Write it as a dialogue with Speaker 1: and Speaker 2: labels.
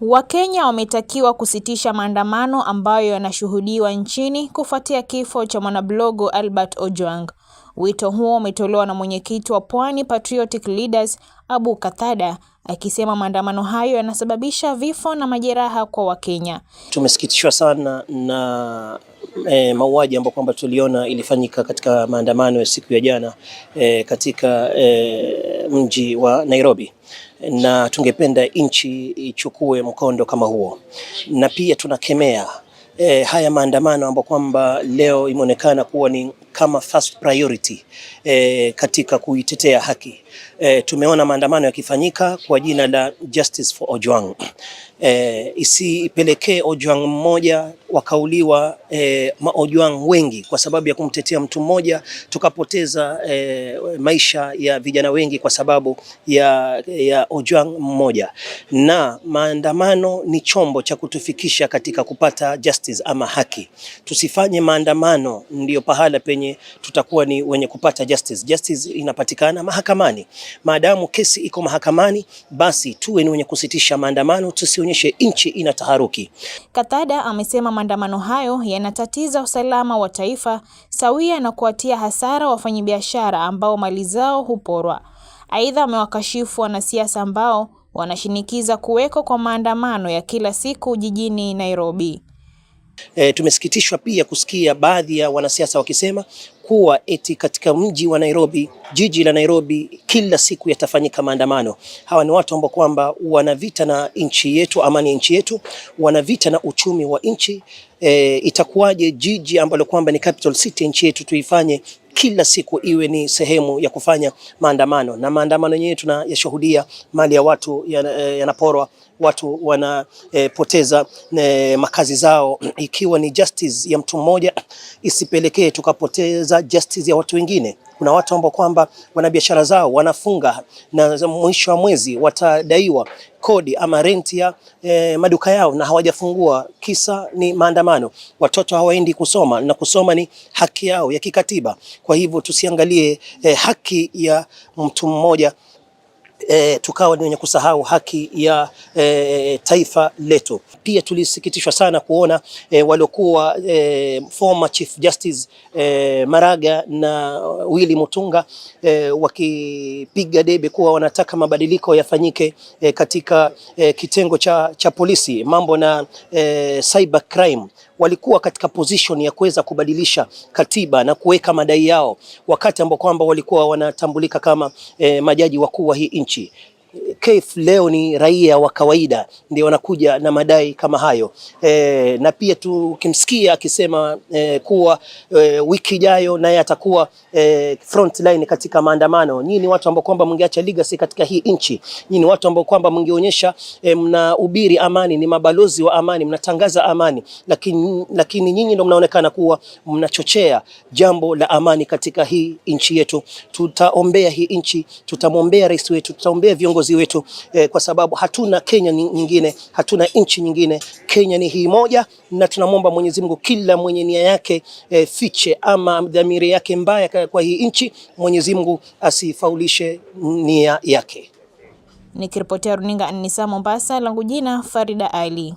Speaker 1: Wakenya wametakiwa kusitisha maandamano ambayo yanashuhudiwa nchini kufuatia kifo cha mwanablogu Albert Ojwang Wito huo umetolewa na mwenyekiti wa Pwani Patriotic Leaders Abu Kathada akisema maandamano hayo yanasababisha vifo na majeraha kwa Wakenya.
Speaker 2: Tumesikitishwa sana na e, mauaji ambayo kwamba tuliona ilifanyika katika maandamano ya siku ya jana e, katika e, mji wa Nairobi na tungependa nchi ichukue mkondo kama huo, na pia tunakemea e, haya maandamano ambayo kwamba leo imeonekana kuwa ni kama first priority e, katika kuitetea haki e, tumeona maandamano yakifanyika kwa jina la Justice for Ojwang e, isipelekee Ojwang mmoja wakauliwa e, maojwang wengi kwa sababu ya kumtetea mtu mmoja, tukapoteza e, maisha ya vijana wengi kwa sababu ya, ya Ojwang mmoja. Na maandamano ni chombo cha kutufikisha katika kupata justice ama haki. Tusifanye maandamano ndiyo pahala penye tutakuwa ni wenye kupata justice. Justice inapatikana mahakamani. Maadamu kesi iko mahakamani, basi tuwe ni wenye kusitisha maandamano, tusionyeshe nchi ina taharuki.
Speaker 1: Katada amesema maandamano hayo yanatatiza usalama wa taifa sawia na kuatia hasara wafanyabiashara ambao mali zao huporwa. Aidha, amewakashifu wanasiasa ambao wanashinikiza kuweko kwa maandamano ya kila siku jijini Nairobi.
Speaker 2: E, tumesikitishwa pia kusikia baadhi ya wanasiasa wakisema kuwa eti katika mji wa Nairobi, jiji la Nairobi, kila siku yatafanyika maandamano. Hawa ni watu ambao kwamba wana vita na nchi yetu, amani ya nchi yetu, wana vita na uchumi wa nchi. E, itakuwaje jiji ambalo kwamba ni capital city nchi yetu tuifanye kila siku iwe ni sehemu ya kufanya maandamano, na maandamano yenyewe tunayashuhudia, mali ya watu eh, yanaporwa, watu wanapoteza eh, e, eh, makazi zao. Ikiwa ni justice ya mtu mmoja, isipelekee tukapoteza justice ya watu wengine. Kuna watu ambao kwamba wana biashara zao wanafunga, na mwisho wa mwezi watadaiwa kodi ama renti ya eh, maduka yao na hawajafungua. Kisa ni maandamano, watoto hawaendi kusoma, na kusoma ni haki yao ya kikatiba. Kwa hivyo tusiangalie eh, haki ya mtu mmoja e, tukawa ni wenye kusahau haki ya e, taifa letu. Pia tulisikitishwa sana kuona e, waliokuwa e, former Chief Justice e, Maraga na Willy Mutunga e, wakipiga debe kuwa wanataka mabadiliko yafanyike e, katika e, kitengo cha, cha polisi mambo na e, cyber crime walikuwa katika position ya kuweza kubadilisha katiba na kuweka madai yao, wakati ambao kwamba walikuwa wanatambulika kama eh, majaji wakuu wa hii nchi. KEF leo ni raia wa kawaida ndio wanakuja na madai kama hayo e, na pia tukimsikia akisema e, kuwa e, wiki ijayo naye atakuwa e, front line katika maandamano. Nyinyi ni watu ambao kwamba mngeacha legacy katika hii nchi. Nyinyi ni watu ambao kwamba mngeonyesha e, mnahubiri amani, ni mabalozi wa amani, mnatangaza amani, lakini lakini nyinyi ndio mnaonekana kuwa mnachochea jambo la amani katika hii nchi yetu. Tutaombea hii nchi, tutamwombea rais wetu, tutaombea viongozi viongozi wetu eh, kwa sababu hatuna Kenya nyingine, hatuna nchi nyingine. Kenya ni hii moja, na tunamwomba Mwenyezi Mungu kila mwenye nia yake eh, fiche ama dhamiri yake mbaya kwa hii nchi, Mwenyezi Mungu asifaulishe nia yake.
Speaker 1: Nikiripotia runinga Anisa Mombasa, langu jina Farida Ali.